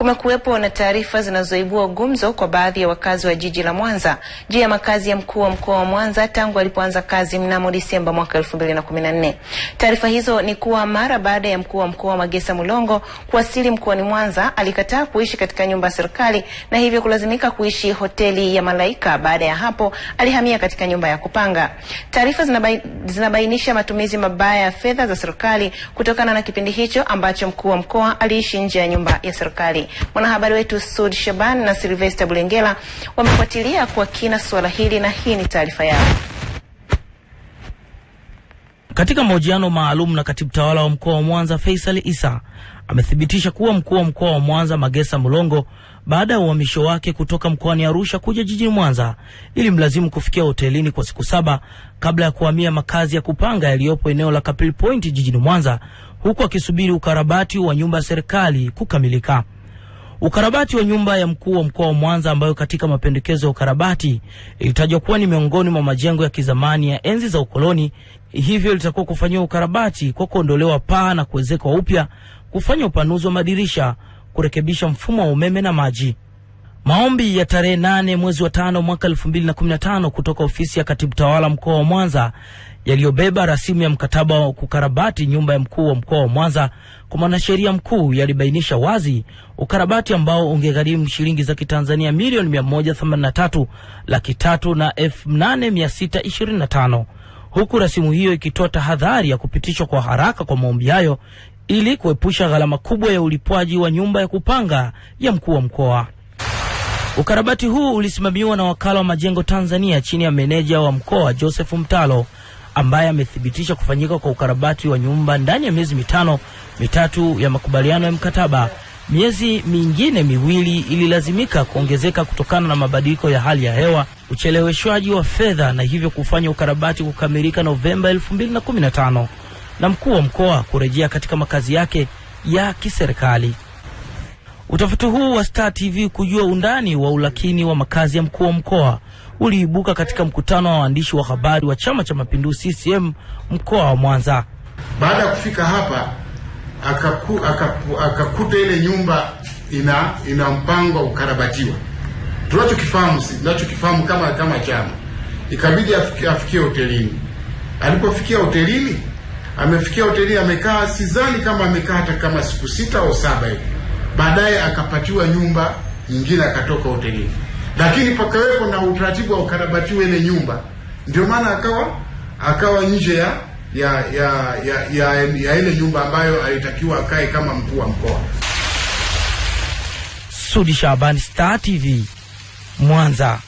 Kumekuwepo na taarifa zinazoibua gumzo kwa baadhi ya wakazi wa jiji la Mwanza juu ya makazi ya mkuu wa mkoa wa Mwanza tangu alipoanza kazi mnamo Disemba mwaka 2014. Taarifa hizo ni kuwa mara baada ya mkuu wa mkoa Magesa Mulongo kuwasili mkoani Mwanza, alikataa kuishi katika nyumba ya serikali na hivyo kulazimika kuishi hoteli ya Malaika. Baada ya hapo, alihamia katika nyumba ya kupanga. Taarifa zinabainisha matumizi mabaya ya fedha za serikali kutokana na kipindi hicho ambacho mkuu wa mkoa aliishi nje ya nyumba ya serikali. Mwanahabari wetu Sud Shaban na silvesta Bulengela wamefuatilia kwa kina suala hili na hii ni taarifa yao. Katika mahojiano maalum na katibu tawala wa mkoa wa Mwanza Faisal Isa amethibitisha kuwa mkuu wa mkoa wa Mwanza Magesa Mlongo baada ya uhamisho wake kutoka mkoani Arusha kuja jijini Mwanza ili mlazimu kufikia hotelini kwa siku saba kabla ya kuhamia makazi ya kupanga yaliyopo eneo la Kapil Point jijini Mwanza, huku akisubiri ukarabati wa nyumba ya serikali kukamilika. Ukarabati wa nyumba ya mkuu wa mkoa wa Mwanza ambayo katika mapendekezo ya ukarabati ilitajwa kuwa ni miongoni mwa majengo ya kizamani ya enzi za ukoloni, hivyo litakuwa kufanyiwa ukarabati kwa kuondolewa paa na kuwezekwa upya, kufanya upanuzi wa madirisha, kurekebisha mfumo wa umeme na maji. Maombi ya tarehe nane mwezi wa tano mwaka elfu mbili na kumi na tano kutoka ofisi ya katibu tawala mkoa wa Mwanza yaliyobeba rasimu ya mkataba wa kukarabati nyumba ya mkuu wa mkoa wa Mwanza kwa mwanasheria mkuu yalibainisha wazi ukarabati ambao ungegharimu shilingi za Kitanzania milioni tatu laki tatu na elfu nane mia sita ishirini na tano huku rasimu hiyo ikitoa tahadhari ya kupitishwa kwa haraka kwa maombi hayo ili kuepusha gharama kubwa ya ulipwaji wa nyumba ya kupanga ya mkuu wa mkoa. Ukarabati huu ulisimamiwa na wakala wa majengo Tanzania chini ya meneja wa mkoa Joseph Mtalo ambaye amethibitisha kufanyika kwa ukarabati wa nyumba ndani ya miezi mitano mitatu ya makubaliano ya mkataba. Miezi mingine miwili ililazimika kuongezeka kutokana na mabadiliko ya hali ya hewa, ucheleweshwaji wa fedha, na hivyo kufanya ukarabati kukamilika Novemba 2015 na mkuu wa mkoa kurejea katika makazi yake ya kiserikali. Utafiti huu wa Star TV kujua undani wa ulakini wa makazi ya mkuu wa mkoa uliibuka katika mkutano wa waandishi wa habari wa Chama cha Mapinduzi CCM mkoa wa Mwanza. Baada ya kufika hapa akaku, akaku, akakuta ile nyumba ina ina mpango wa kukarabatiwa. Tunachokifahamu si tunachokifahamu kama kama chama, ikabidi afikie, hotelini. Alipofikia hotelini, amefikia hotelini, amekaa sidhani kama amekaa hata kama siku sita au saba hivi baadaye akapatiwa nyumba nyingine, akatoka hotelini, lakini pakawepo na utaratibu wa ukarabatiwa ile nyumba, ndio maana akawa akawa nje ya ya ya ya ya ile nyumba ambayo alitakiwa akae kama mkuu wa mkoa. Sudi Shabani, Star TV, Mwanza.